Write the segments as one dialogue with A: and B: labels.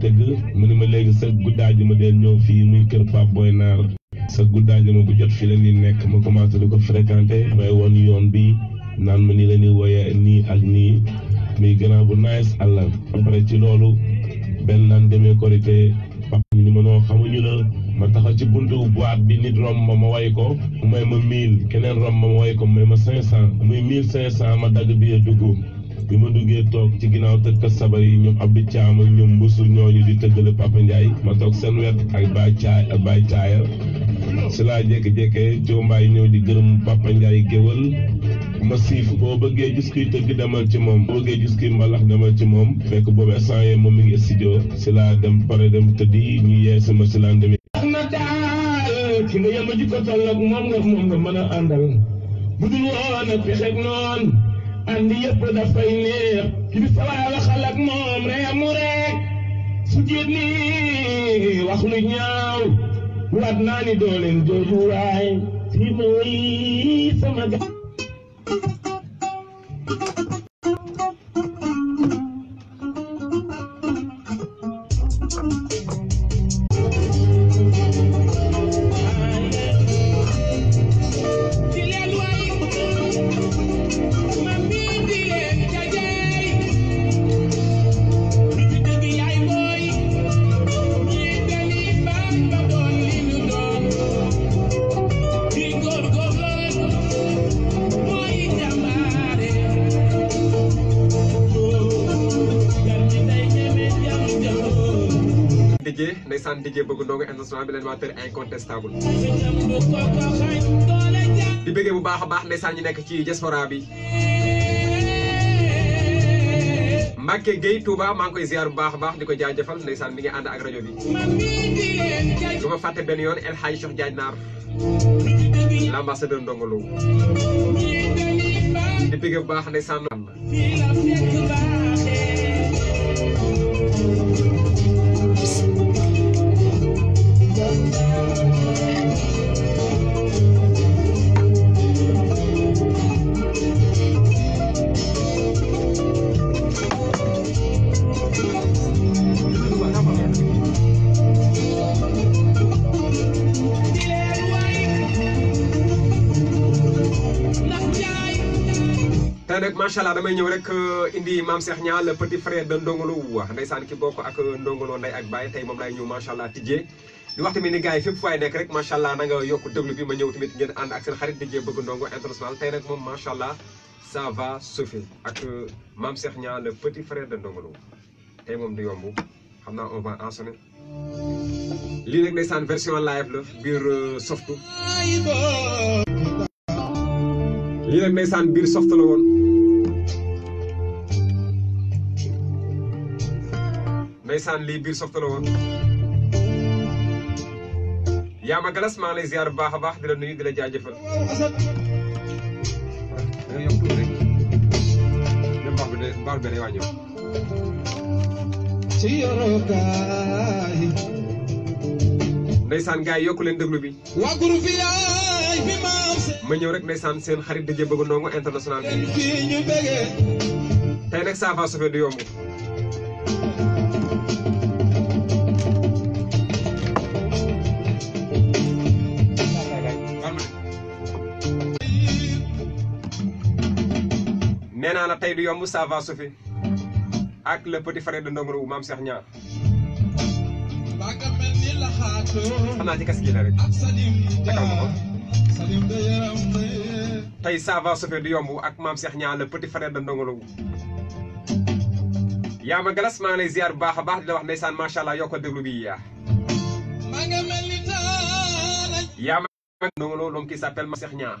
A: dëgg mu ne ma léegi sa guddaaju ma dee ñëw fii muy kër Pape Boy Naar sa guddaaju ma bu jot fi la ni nekk ma commencé di ko fréquenté may woon yoon bi naan ma nii la ni
B: woyee nii ak nii muy gannaaw bu nice àlla après ci loolu benn naan demee korité Pape ni ma noo xamuñu la ma taxaw ci buntu boîte bi nit romb
A: ma ma way ko may ma mille keneen romb ma ma way ko may ma cinq cent mille cinq cent ma dagg bi dugg bima duggé tok ci ginnaaw tekk sabar yi ñoom abdi caam ak ñoom mbusu ñooñu
B: di teggal papa ndjay ma tok seen wet ak baay chaay ak baay chaayal sila jek jeké jékkee joombaay di gërëm papa ndjay gëwël ma siif boo bëggee gis
A: kuy tëgg demal ci mom bo bëggee gis kuy mbalax demal ci mom fekk bobé instant mo mi ngi studio sila dem paré dem tëddi ñu yee ma sila dem demee. na
C: daal ki nga yem a jikko toll ak moom nga moom nga mën a àndal bu dul woon andi yëpp dafay neex ki bi sawaay waxal ak moom reemu rek su jiit wax lu ñaaw waat naa ni doo leen jooju waay fii mooy sama ga
A: DJ Bëgg Ndongo international bi leen waa tër incontestable di bëggee bu baax a baax ndeysaan ñi nekk ci diaspora bi Mbacke Gueye Touba maa ngi koy ziar bu baax a baax di ko jaajëfal ndeysaan mi ngi ànd ak rajo bi du ma fàtte benn yoon El Hadj Cheikh Diagne Naar l'ambassadeur Ndongo Lo di macha allah damay ñew rek indi mam Cheikh nya le petit frère de Ndongo wax ndaysan ki bokk ak ndongolo nday ak baye tay mom lay ñew macha allah tijjee di wax tamit ni gaay yi fay nek rek macha allah na nga yok déglu bi ma ñew tamit ngeen and ak seen xarit tijjee bëgg Ndongo international tay nag mom macha allah ça va suffire ak mam Cheikh nya le petit frère de ndongolo tay mom moom du yomb xamna on va ensemble li nag ndaysan version live le bir softu li nag ndaysan bir softu la won ndeysaan lii biir softa la woon yaa ma galas maa ngi lay ziar bu baax a baax di la nuyu di la jaajëfal. ndeysaan gars yi yokku leen déglu bi. ma ñëw rek ndeysaan seen xarit dëjë bëgg ndongo international bi. tey nag saa faa sofee du yomb. tay du yomb ça va Sophie ak le petit frère de Ndongoro wu maam Cheikh Niang. xam naa ci kas gi la rek ca kaw ma ko. tey ça va Sophie du yomb ak mam Cheikh nya le petit frère de Ndongoro ya ma glass ma lay ziar baakha baax a baax di la wax ndeysaan macha allah yoko deglu bi yaa. ya ma galas lom ki s'appelle maam Cheikh nya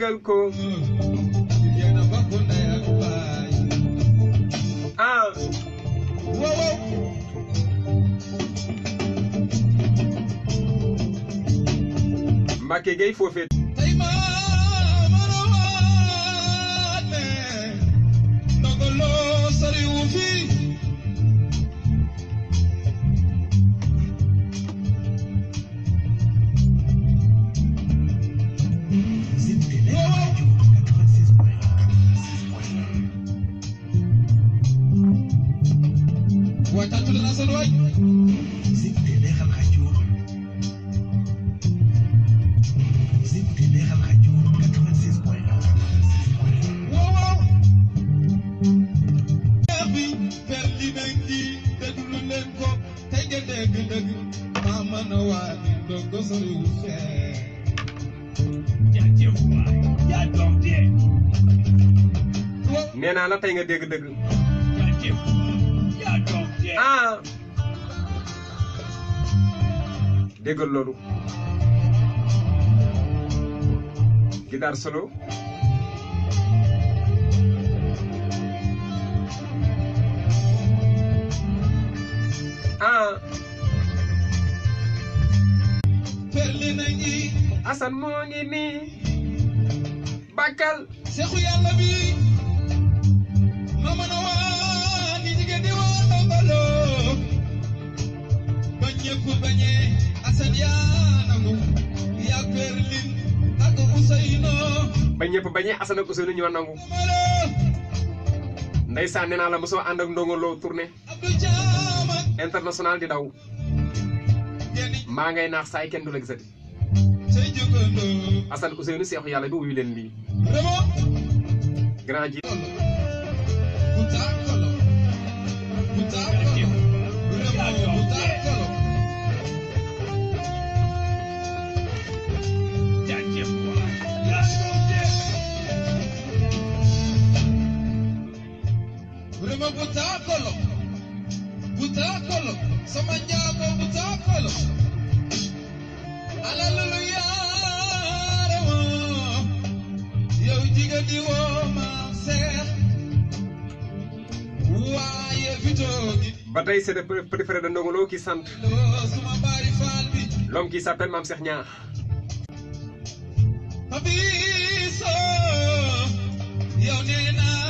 C: déggal ko ah
B: waaw
A: Mbacke Gueye foofee tey nga dégg dëgg ah déggal loolu guitare solo
B: ah Assane moo ngi nii
C: bakkal seexu yàlla bi ku bañe Assane yaa nangu yaa Berlin ak nangu
A: la ak ndongo international di daw maa ngay naax saay kenn du la gisati Assane Ousseynou seexu yàlla bi wuyu leen lii grand ji
C: Remabutapolo. Butapolo. Samanyako butapolo. Hallelujah. Yo jiga diwo ma se. Waye vito
A: ba tey c'est le préféré de Ndongo Lo qui sant l'homme qui s'appelle Mam Cheikh Niang
C: yow nee naa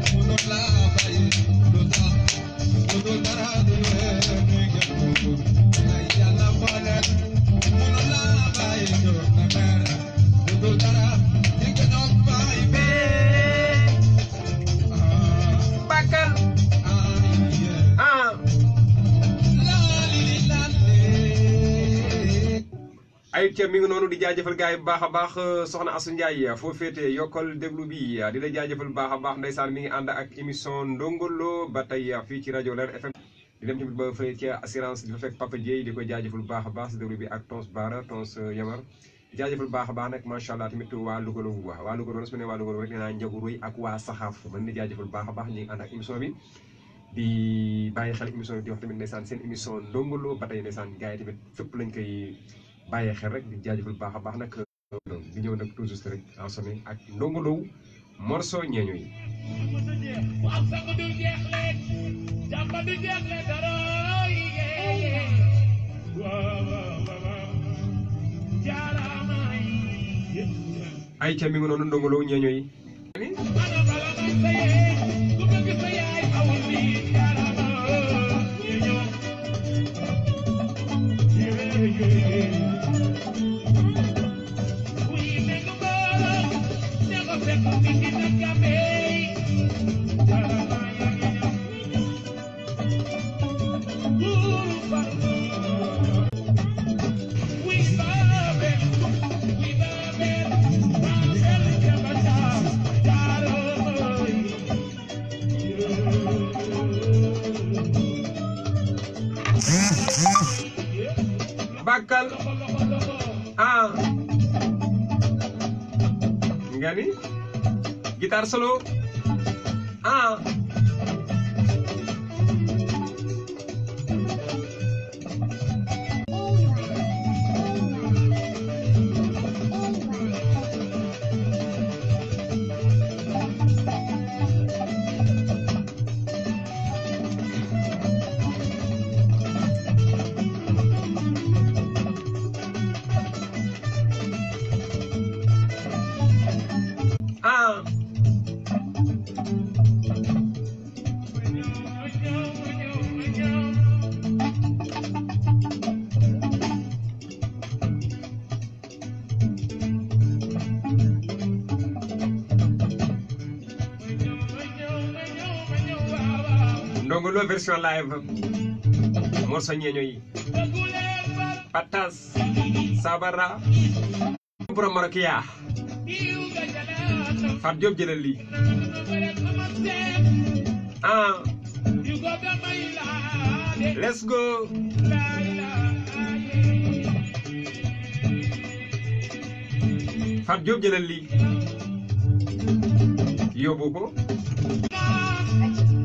A: mi ngi noonu di jaajëfal gars yi bu baax a baax soxna Asu Ndiaye foo féete yokkal déglu bi di la jaajëfal bu baax a baax saan mi ngi ànd ak émission ndongolo ba tey fi ci rajo Leer FM di dem ba assurance di fa fekk Papa Dieye di ko jaajëfal bu baax a baax si déglu bi ak Tons Bara Tons euh, Yamar jaajëfal bu baax a baax nag macha allah tamit waa Louga Lovu waa Louga Lovu su ma nee waa Louga Lovu rek nee naa Ndiago Roy ak waa Saxaaf mën baax a baax bi di bàyyi xel émission bi di wax tamit ndeysaan seen émission ndongolo ba tey ndeysaan gars yi tamit fépp lañ koy bàyyi xel rek di jaajëfal baax a baax nag di ñëw nag tout juste rek en sonné ak Ndongo Lo morceau ñeeño yi
D: waaw sago du jeex leen jàmba du jeex leen dara
A: ay ca mi ngi noonu Ndongo Lo ñeeño yi
B: akal ah
A: nga ni guitare solo ah déglu version live morceau ñeeño yi sabara borom morokiya Fat Diop jëlal lii
B: ah let's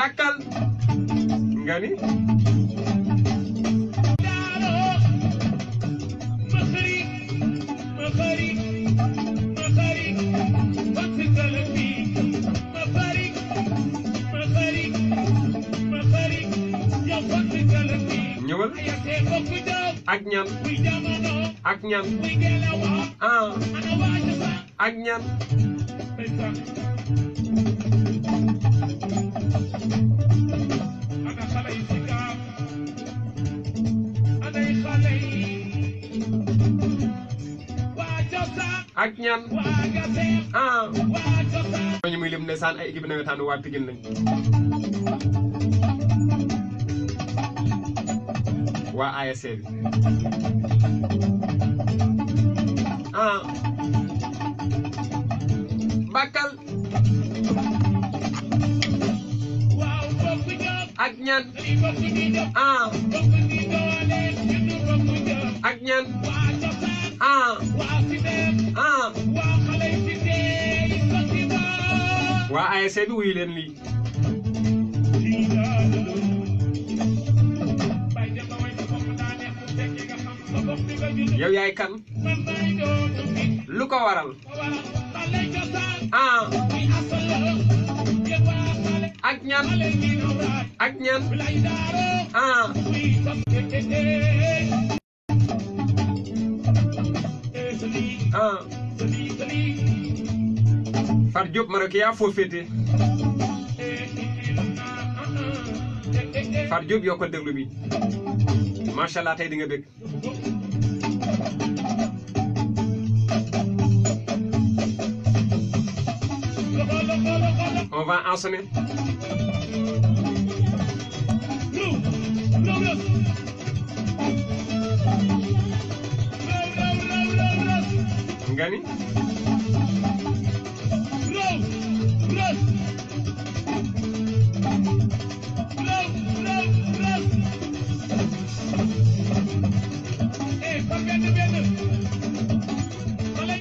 C: bàkkal nga ni
B: ñëwal ak ñan ak ñan ah ak ñan
A: ak ñan ah ñooñu muy lim ndeysaan ay équipe nawetaan waa Pikine lañ waa ASC bi
B: ah Bakkal Agnan, ah agnan, ñan ah ah waa
A: ASC bi wuyu leen lii yow yaay kan lu ko waral
B: ah ak ñan ñan ah ah
A: Fat Diop ma ne ko yaa foo féete Fat Diop yokkal déglu bi macha allah tey di nga bég on va enchaîner ngani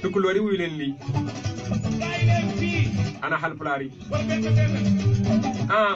A: tukulóor yi wuyu leen lii ana xalpulaar yi ah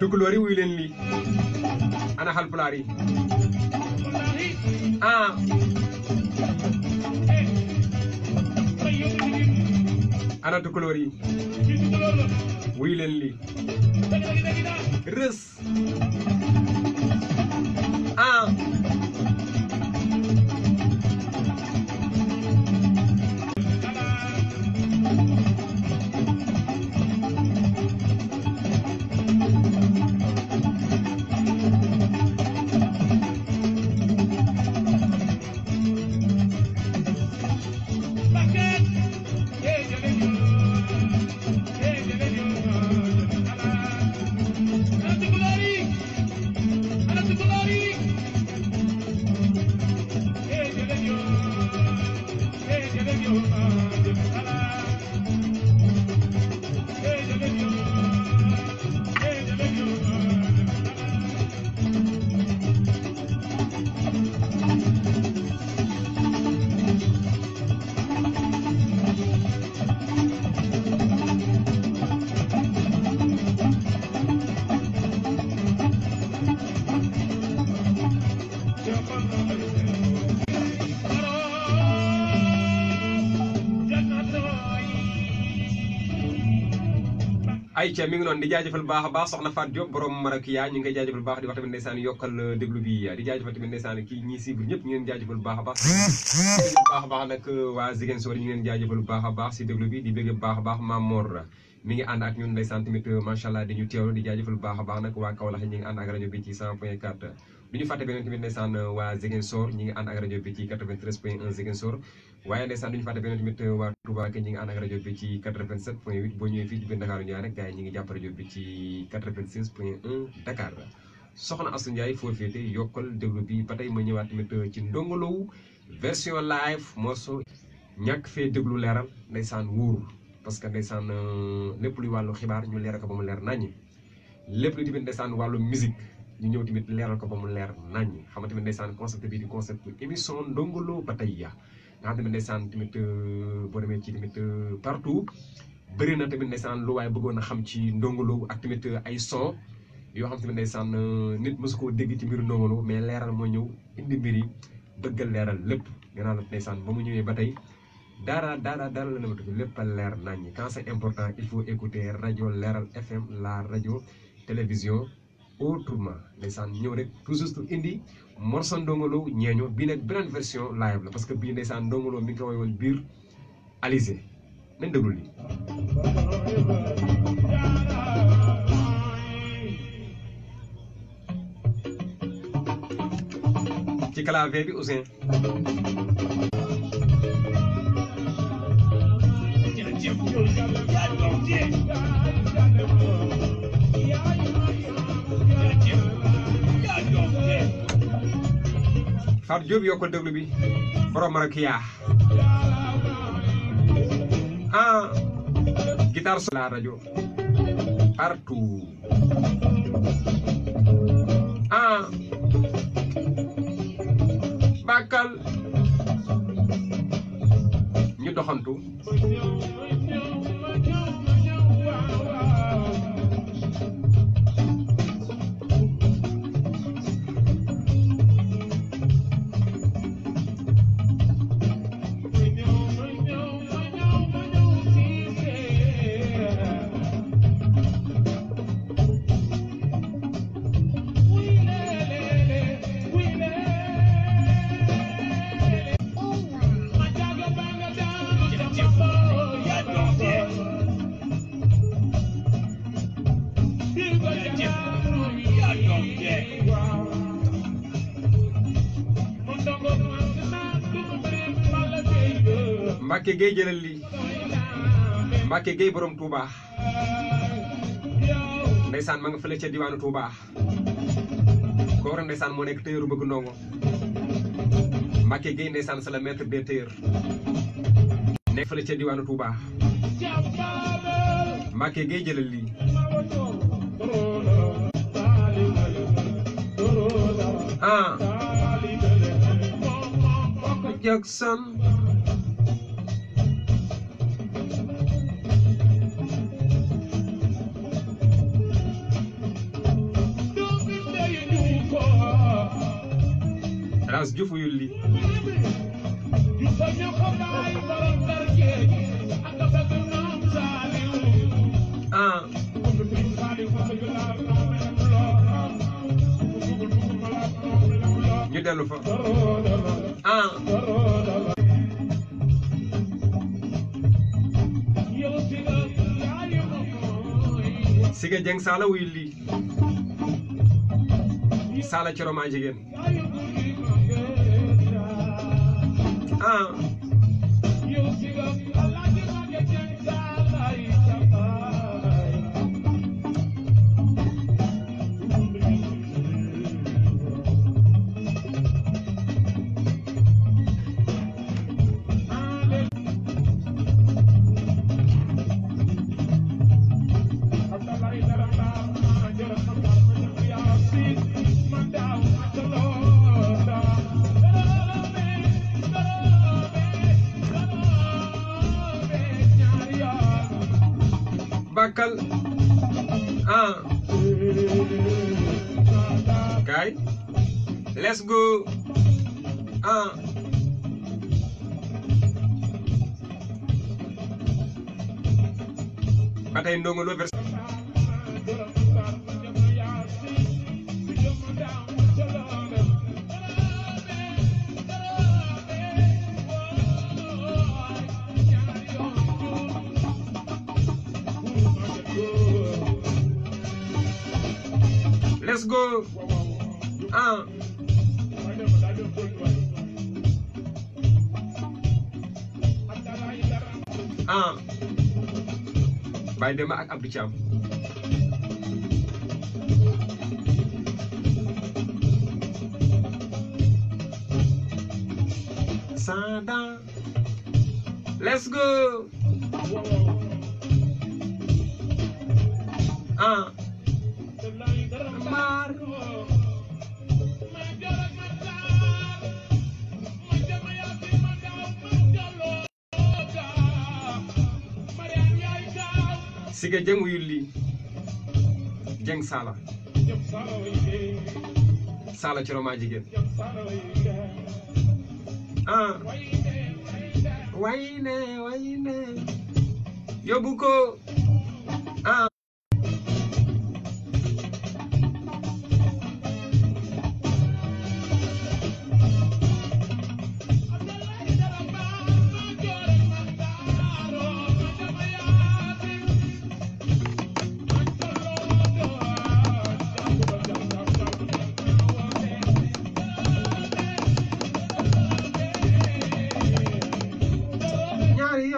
A: tukulóor yi wuyu leen lii ana xalpulaar yi ah ana tukulóor yi wuyu leen lii rës ayca mi ngi noonu di jaajëfal baax a baax soxna Fatou Diop borom Marakiya ñu ngi koy jaajëfal baax di wax tamit ndeysaan yokkal euh, déglu bi euh, di jaajëfal tamit baax a baax baax a baax nag euh, waa Ziguinchor ñu ngi leen baax a baax si déglu di bëgg baax a baax Maam Mor mi ngi ànd ak ñun ndeysaan tamit allah di ñu teewlu di jaajëfal baax a baax nag waa Kaolack ñu ngi ànd ak rajo ci 100 point du ñu fàtte beneen tamit ndeysaan waa Ziguinchor ñi ngi ànd ak rajo bi ci 93 point 1 Ziguinchor waaye ndeysaan du ñu fàtte beneen tamit waa Touba ke ñi ngi ànd ak rajo bi ci 87 point 8 boo ñëwee fii ci biir Dakar ñaar rek gars yi ñi ngi jàpp rajo bi ci 96 Dakar soxna Assou Ndiaye foo féete yokkal déglu bi ba ma ñëwaat tamit ci ndongolow version live morceau ñàkk fee déglu leeral ndeysaan wóorul parce que ndeysaan euh, lépp luy wàllu xibaar ñu leeral ko ba mu leer naññi lépp luy tamit ndeysaan wàllu musique ñu ñëw tamit leeral ko ba mu leer nañ xam nga tamit ndeysaan concept bi di concept émission Ndongo Lo ba tey ya nga xam tamit ndeysaan tamit euh, boo demee ci tamit euh, partout bëri na tamit ndeysaan lu waaye bëggoon a xam ci Ndongo Lo ak tamit euh, ay son yoo xam tamit ndeysaan nit mësu koo dégg ci mbiru Ndongo mais leeral moo ñëw indi mbir yi bëggal leeral lépp nga naan ndeysaan ba mu ñëwee ba tey dara dara dara la na ma tudd lépp a leer nañ quand c'est important il faut écouter rajo leeral FM la rajo télévision autrement ndeysaan ñëw rek tout juste indi morceau Ndongo Lo ñeeño bii nag version live la parce que bii ndeysaan Ndongo mi ngi ko biir Alizé nañ déglu lii ci clavier bi Ousseyn Fatou Diop yokkal déglu bi borom Marakiya
B: ah guitare sur la radio partout ah
A: bàkkal ñu doxantu Mbacke Gueye jëlal lii Mbacke Gueye borom Touba ndeysaan ma nga fele ci diwanu Touba ko Gora ndeysaan mo nek téyeeru bëgg ndongo Mbacke Gueye ndeysaan c'est le maître des téyeurs nek fele ci diwanu Touba Mbacke Gueye jëlal lii
B: ah Jackson
A: trans jufu yulli
B: ah ah
A: Sige Jeng Sala wuy lii Sala ci Roma 嗯。let's go un ba tey Ndongo Baye Demba ak Abdou Thiam.
B: Sandan let's go ah.
A: siga jeng uyulli jeng sala sala coro ma jigéen
B: ah wayne wayne yóbbu ko ah carry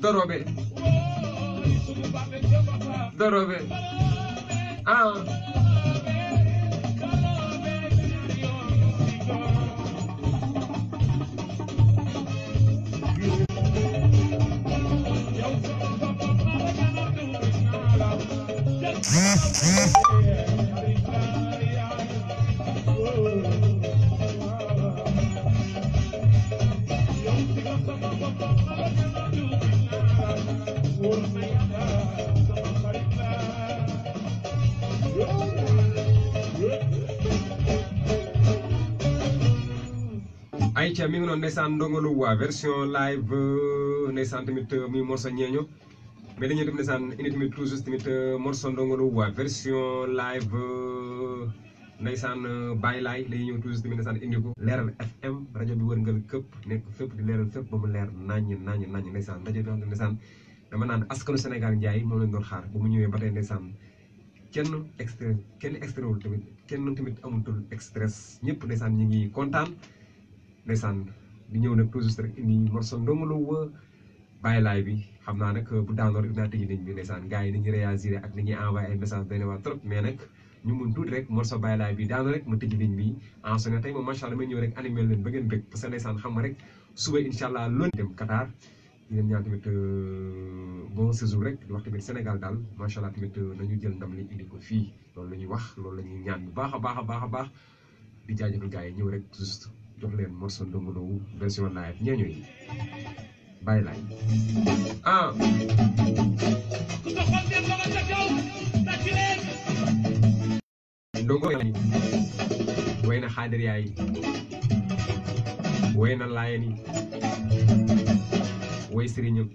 A: dorobe dorobe ah Aïcha mi ngi noonu ndeysaan ndongolu waa version live ndeysaan tamit euh, muy Morsa ñeeño mais dañuy def ndeysaan indi tamit tout juste tamit euh, Morso Ndongo Lo waa version live euh, ndeysaan euh, Baye Laay dañuy ñëw tout juste tamit ndeysaan leeral FM rajo bi wër ngeen këpp nekk fépp di leeral fépp ba mu leer naññ naññ naññ ndeysaan rajo bi nga xam ne ndeysaan dama naan askanu Sénégal njaay moom lañ doon xaar ba mu ñëwee ba tey ndeysaan kenn extra kenn extra wul tamit kenn tamit amutul express ñëpp ndeysaan ñu ngi kontaan ndeysaan di ñëw na tout juste rek indi Morso Ndongo Lo bi. xam naa nag euh, bu daanoor dinaa tëj ligne bi ndeysaan gars yi nañu réagir ak ni ñuy envoyé ay message benn waa trop mais nag ñu mun tuuti rek morceau Baye Laye bi daanu rek ma tëj ligne bi en sonné tey moom macha allah damay ñëw rek animé leen bëgg parce que euh, wax tamit Sénégal daal macha allah tamit euh, nañu jël ndam li indi ko fii loolu la ñuy wax loolu la ñuy ñaan bu baax a baax a baax a baax di jaajëfal gars yi ñëw rek juste jox leen morceau Ndongo Lo version live ñeeñu yi bàyyi ah. laay ah ndongo yi woy na xaadir yaay woy na laayeen yi
B: woy sëriñam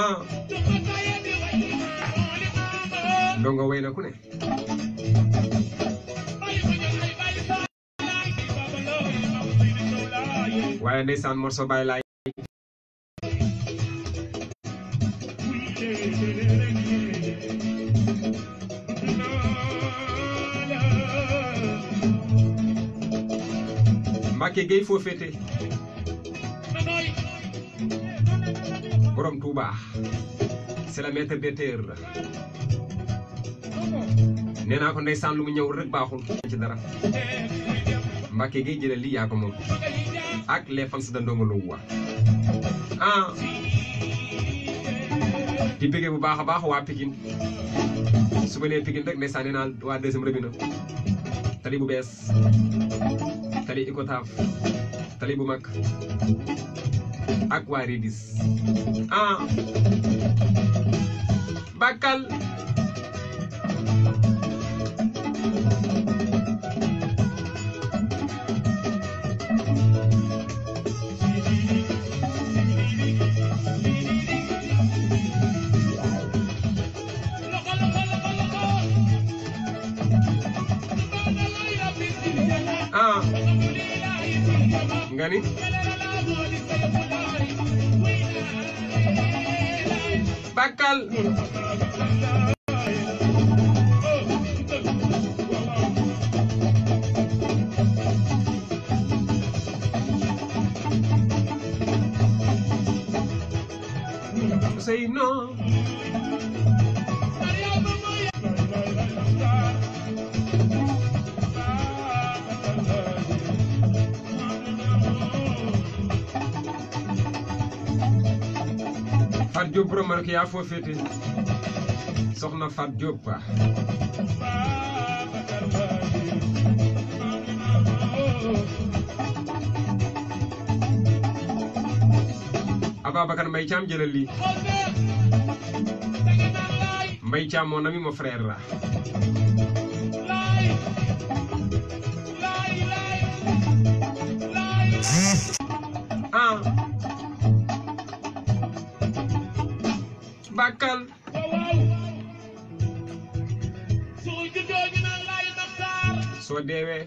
B: ah
A: ndongo woy na ku ne waaye ndeysaan morso bàyyi laay Mbacke Gueye foo féete borom Touba c'est le maître nee naa ko ndeysaan lu mu ñëw rek baaxul ci dara Mbacke Gueye jëlee lii yaa ko moom ak les fans de Ndongo Lo waa ah bu baax a baax waa Pikine su ma nee Pikine rek ndeysaan nee naa waa deuxième robinet tali bu bees tali Icotaf tali bu mag ak waa Ridis
B: ah bakkal gani say no
A: Diop borom rek yaa foo féete soxna Fat Diop baax Ababacar Mbaye Thiam jëlal lii Mbaye Thiam mon ami mon frère la makkal soo dewe.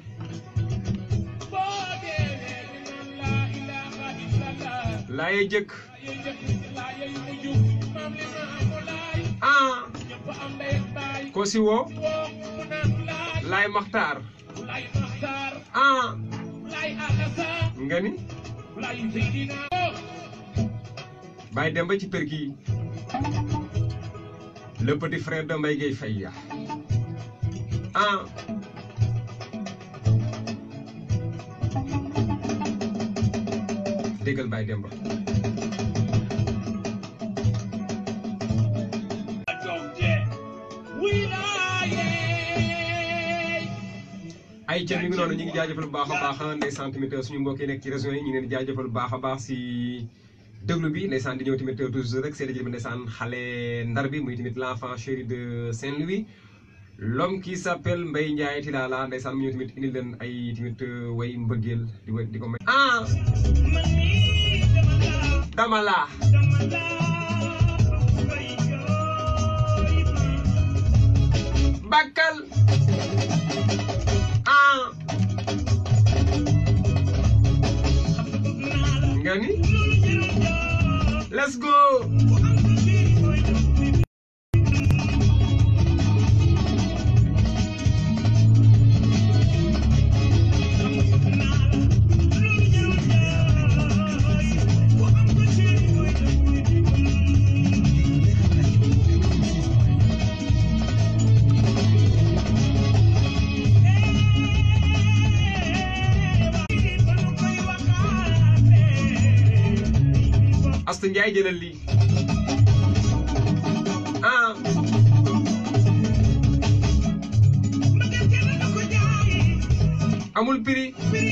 A: Laye jek.
B: ah ko si wo? laay maxtaar ah
A: nga ni bàyyi dem ba ci perki le petit frère de Mbaye Gueye Faye ah déggal Baye Demba ay ca mi ngi noonu ñu ngi jaajëfal bu baax a des centimètres suñu mbokk yi ci yi ñu ngi bu baax si déglu bi ndeysaan di ñëw tamit toujours rek seen bi ndeysaan xale ndar bi muy tamit l'enfant chéri de Saint-Louis l'homme qui s'appelle Mbaye Ndiaye Tilala ndeysaan mu ñëw tamit indil ay tamit euh, way mbëggeel di ko di ko may
B: ah bakkal yaa ngi let's go jëlal lii ah. amul prix.